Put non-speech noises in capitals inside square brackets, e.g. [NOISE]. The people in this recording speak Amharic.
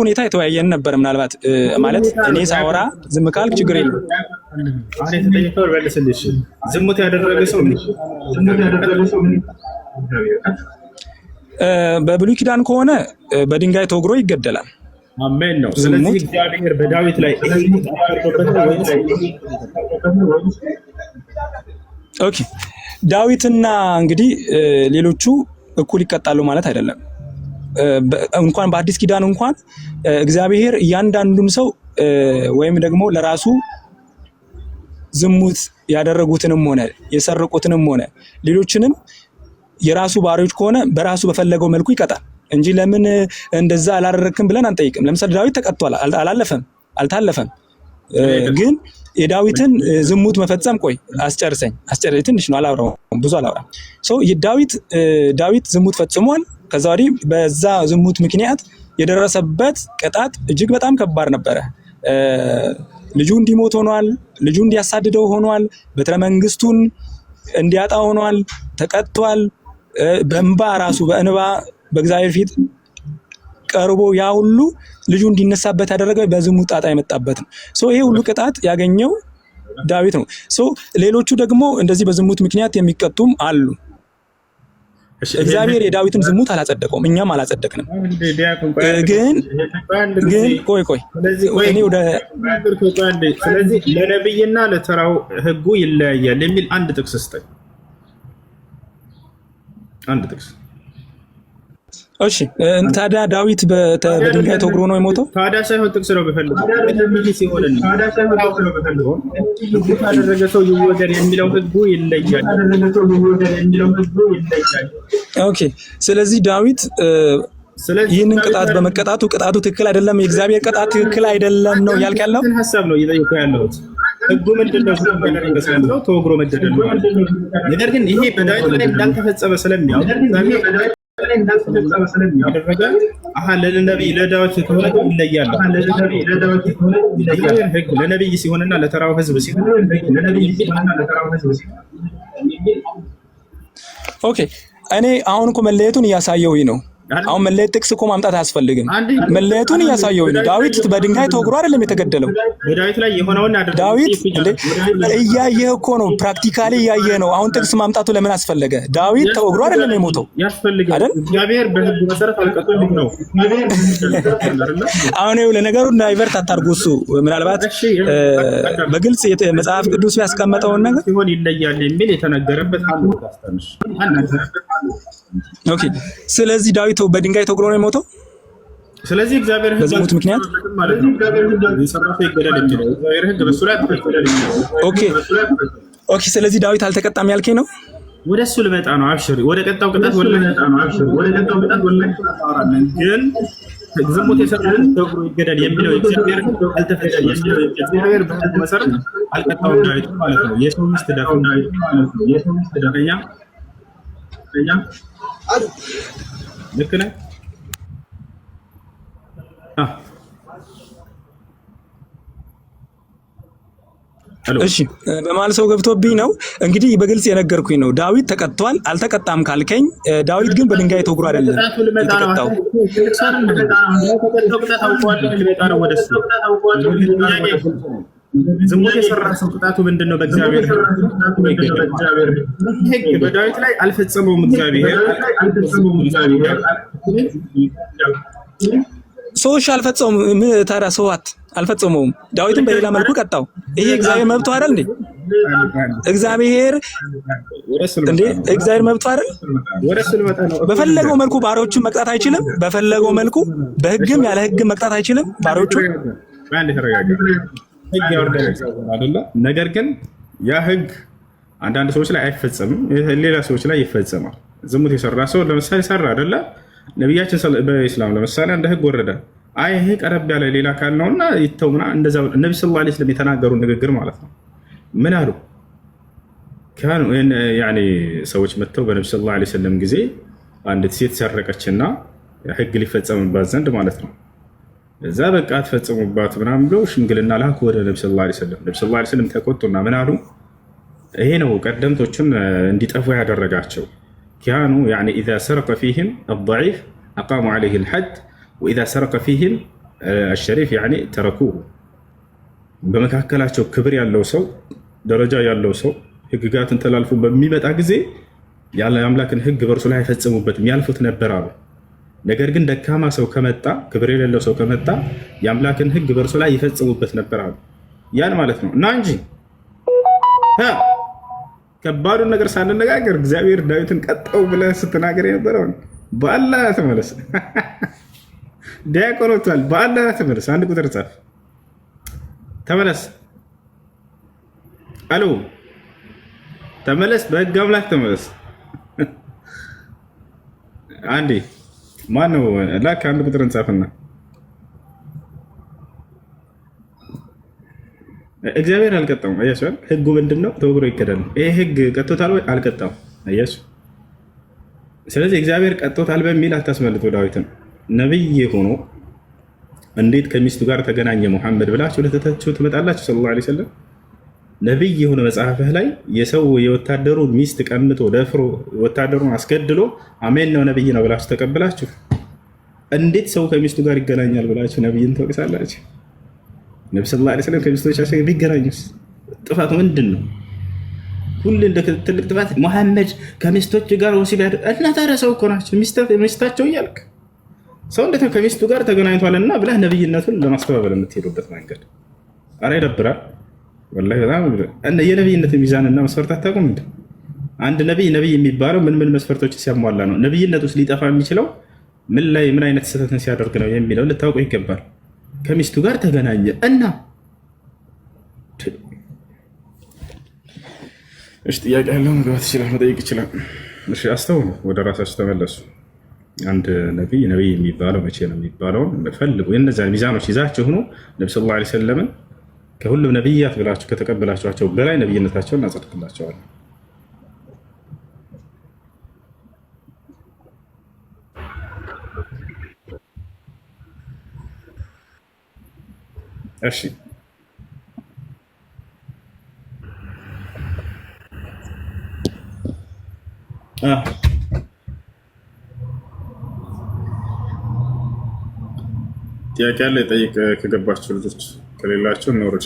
ሁኔታ የተወያየን ነበር። ምናልባት ማለት እኔ ሳወራ ዝም ካልክ ችግር የለም። ዝሙት ያደረገ ሰው በብሉይ ኪዳን ከሆነ በድንጋይ ተወግሮ ይገደላል። አሜን ነው። ስለዚህ እግዚአብሔር በዳዊት ላይ ኦኬ፣ ዳዊትና እንግዲህ ሌሎቹ እኩል ይቀጣሉ ማለት አይደለም። እንኳን በአዲስ ኪዳን እንኳን እግዚአብሔር እያንዳንዱን ሰው ወይም ደግሞ ለራሱ ዝሙት ያደረጉትንም ሆነ የሰረቁትንም ሆነ ሌሎችንም የራሱ ባሪዎች ከሆነ በራሱ በፈለገው መልኩ ይቀጣል እንጂ ለምን እንደዛ አላደረክም ብለን አንጠይቅም። ለምሳሌ ዳዊት ተቀጥቷል፣ አላለፈም፣ አልታለፈም። ግን የዳዊትን ዝሙት መፈጸም ቆይ አስጨርሰኝ አስጨርሰኝ ትንሽ ነው አላወራሁም ብዙ አላወራም ዳዊት ዳዊት ዝሙት ፈጽሟል ከዛ ወዲህ በዛ ዝሙት ምክንያት የደረሰበት ቅጣት እጅግ በጣም ከባድ ነበረ ልጁ እንዲሞት ሆኗል ልጁ እንዲያሳድደው ሆኗል በትረ መንግስቱን እንዲያጣ ሆኗል ተቀጥቷል በእንባ ራሱ በእንባ በእግዚአብሔር ፊት ቀርቦ ያ ሁሉ ልጁ እንዲነሳበት ያደረገ በዝሙት ጣጣ የመጣበት ነው። ይሄ ሁሉ ቅጣት ያገኘው ዳዊት ነው። ሌሎቹ ደግሞ እንደዚህ በዝሙት ምክንያት የሚቀጡም አሉ። እግዚአብሔር የዳዊትን ዝሙት አላጸደቀውም፣ እኛም አላጸደቅንም። ግን ግን ቆይ ቆይ እኔ ወደ ስለዚህ ለነብይና ለተራው ህጉ ይለያያል የሚል አንድ ጥቅስ ስጠኝ፣ አንድ ጥቅስ እሺ ታዲያ ዳዊት በድንጋይ ተወግሮ ነው የሞተው? ታዲያ ሳይሆን ጥቅስ ነው ብፈልገው ያደረገ ሰው ይወገድ የሚለው ህጉ ይለያል። ኦኬ ስለዚህ ዳዊት ይህንን ቅጣት በመቀጣቱ ቅጣቱ ትክክል አይደለም፣ የእግዚአብሔር ቅጣት ትክክል አይደለም ነው እያልክ ያለው ሀሳብ ነው እየጠየኩ ያለሁት። ህጉ ምንድን ነው? ተወግሮ መደደል ነው። ነገር ግን ይሄ በዳዊት ላይ እንዳልተፈጸመ ስለሚያውቅ ለዳዎች ከሆነ ህግ ለነቢይ ሲሆንና ለተራው ህዝብ ሲሆን ኦኬ። እኔ አሁን እኮ መለየቱን እያሳየው ነው አሁን መለየት ጥቅስ እኮ ማምጣት አያስፈልግም። መለየቱን እያሳየው ነው። ዳዊት በድንጋይ ተወግሮ አይደለም የተገደለው። ዳዊት እያየህ እኮ ነው፣ ፕራክቲካሊ እያየህ ነው። አሁን ጥቅስ ማምጣቱ ለምን አስፈለገ? ዳዊት ተወግሮ አይደለም የሞተው አይደል? አሁን ይኸውልህ ነገሩን ዳይቨርት አታርጉ። እሱ ምናልባት በግልጽ መጽሐፍ ቅዱስ ያስቀመጠውን ነገር የተነገረበት ስለዚህ ዳዊት በድንጋይ ተወግሮ ነው የሞተው። ስለዚህ እግዚአብሔር ህግ በዝሙት ምክንያት ኦኬ ኦኬ። ስለዚህ ዳዊት አልተቀጣም ያልከኝ ነው። ወደ እሱ ልመጣ ነው። አብሽሪ፣ ወደ ቀጣው ቅጣት ወደ ግን ዝሙት የሰራን ተወግሮ ይገዳል የሚለው እግዚአብሔር አልተፈቀደም የሚለው መሰረት አልቀጣውም ዳዊት ማለት ነው። የሰው ሚስት ዳዊት ማለት ነው። የሰው ሚስት ዳኛ ልክ ነህ። ah. እሺ በማል ሰው ገብቶብኝ ነው እንግዲህ በግልጽ የነገርኩኝ ነው። ዳዊት ተቀጥቷል አልተቀጣም ካልከኝ፣ ዳዊት ግን በድንጋይ ተወግሮ አይደለም የተቀጣው። ዝሙት የሰራ ሰው ቅጣቱ ምንድን ነው? በእግዚአብሔር ሕግ በዳዊት ላይ አልፈጸመውም እግዚአብሔር። ሰዎች አልፈጸሙም። ታዲያ ሰዋት አልፈጸመውም። ዳዊትን በሌላ መልኩ ቀጣው። ይሄ እግዚአብሔር መብቱ አይደል እንዴ? እግዚአብሔር እንዴ እግዚአብሔር መብቱ አይደል? በፈለገው መልኩ ባሪያዎችን መቅጣት አይችልም? በፈለገው መልኩ በህግም ያለ ህግም መቅጣት አይችልም ባሪያዎቹ ህግ ያወርደአደለ ነገር ግን ያ ህግ አንዳንድ ሰዎች ላይ አይፈጸምም፣ ሌላ ሰዎች ላይ ይፈጸማል። ዝሙት የሰራ ሰው ለምሳሌ ሰራ አደለ ነቢያችን በኢስላም ለምሳሌ እንደ ህግ ወረደ። አይ ይሄ ቀረብ ያለ ሌላ አካል ነውና ይተውና፣ እንደዛ ነቢ ስ ላ ስለም የተናገሩ ንግግር ማለት ነው። ምን አሉ? ሰዎች መጥተው በነቢ ስ ላ ስለም ጊዜ አንዲት ሴት ሰረቀችና ህግ ሊፈጸምባት ዘንድ ማለት ነው እዛ በቃ አትፈጽሙባት ምናምን ብለው ሽምግልና ላኩ ወደ ነብ ስ ላ ስለም ነብ ስ ስለም ተቆጡና ምን አሉ? ይሄ ነው ቀደምቶችን እንዲጠፉ ያደረጋቸው። ኪያኑ ያኒ ኢዛ ሰረቀ ፊህም አضዒፍ አቃሙ ዓለይህ ልሐድ ወኢዛ ሰረቀ ፊህም አሸሪፍ ተረኩሁ። በመካከላቸው ክብር ያለው ሰው ደረጃ ያለው ሰው ህግጋትን ተላልፎ በሚመጣ ጊዜ አምላክን ህግ በእርሱ ላይ አይፈጽሙበትም ያልፉት ነበር አሉ ነገር ግን ደካማ ሰው ከመጣ ክብር የሌለው ሰው ከመጣ የአምላክን ሕግ በእርሱ ላይ ይፈጽሙበት ነበር አሉ። ያን ማለት ነው እና እንጂ ከባዱን ነገር ሳንነጋገር እግዚአብሔር ዳዊትን ቀጠው ብለህ ስትናገር የነበረውን በአላ ተመለስ። [LAUGHS] ዲያቆን በአላ ተመለስ። አንድ ቁጥር ጻፍ፣ ተመለስ አሎ ተመለስ፣ በህግ አምላክ ተመለስ። [LAUGHS] አንዴ ማነው ላክ አንድ ቁጥር እንጻፍና እግዚአብሔር አልቀጣውም። አያሱ ህጉ ምንድን ነው? ተወግሮ ይከዳል። ይሄ ህግ ቀጥቶታል ወይ? አልቀጣውም። አያሱ ስለዚህ እግዚአብሔር ቀጥቶታል በሚል አታስመልጡ። ዳዊትን ነብይ ሆኖ እንዴት ከሚስቱ ጋር ተገናኘ ሙሐመድ ብላችሁ ለተተችሁ ትመጣላችሁ ሰለላሁ ዐለይሂ ወሰለም ነቢይ የሆነ መጽሐፍህ ላይ የሰው የወታደሩን ሚስት ቀምቶ ደፍሮ ወታደሩን አስገድሎ አሜን ነው ነቢይ ነው ብላችሁ ተቀብላችሁ እንዴት ሰው ከሚስቱ ጋር ይገናኛል ብላችሁ ነቢይን ትወቅሳላችሁ? ነቢ ስ ላ ስለም ከሚስቶቻቸው ቢገናኙስ ጥፋቱ ምንድን ነው? ሁሉ እንደ ትልቅ ጥፋት መሐመድ ከሚስቶች ጋር ወሲብ ያደ እና ታዲያ ሰው እኮ ናቸው ሚስታቸው እያልክ ሰው እንዴት ከሚስቱ ጋር ተገናኝቷልና ብለህ ነቢይነቱን ለማስተባበል የምትሄዱበት መንገድ አረ ይደብራል። ወላሂ በጣም እና የነብይነት ሚዛንና መስፈርት አታውቁም እንዴ? አንድ ነብይ ነብይ የሚባለው ምን ምን መስፈርቶች ሲያሟላ ነው? ነብይነት ውስጥ ሊጠፋ የሚችለው ምን ላይ ምን አይነት ስህተትን ሲያደርግ ነው የሚለው ልታውቁ ይገባል። ከሚስቱ ጋር ተገናኘ እና እሺ፣ ጥያቄ ያለው መግባት ይችላል፣ መጠየቅ ይችላል። እሺ፣ አስተውሉ፣ ወደ ራሳችሁ ተመለሱ። አንድ ነብይ ነብይ የሚባለው መቼ ነው የሚባለውን ፈልጉ። የነዚያን ሚዛኖች ይዛችሁ ሁኑ። ነብዩ ስ ላ ሰለምን ከሁሉም ነቢያት ብላችሁ ከተቀበላችኋቸው በላይ ነብይነታቸውን እናጸድቅላቸዋለን። እሺ ጥያቄ ያለ ጠይቅ ከገባችሁ ልጆች ከሌላቸው እንውረድ።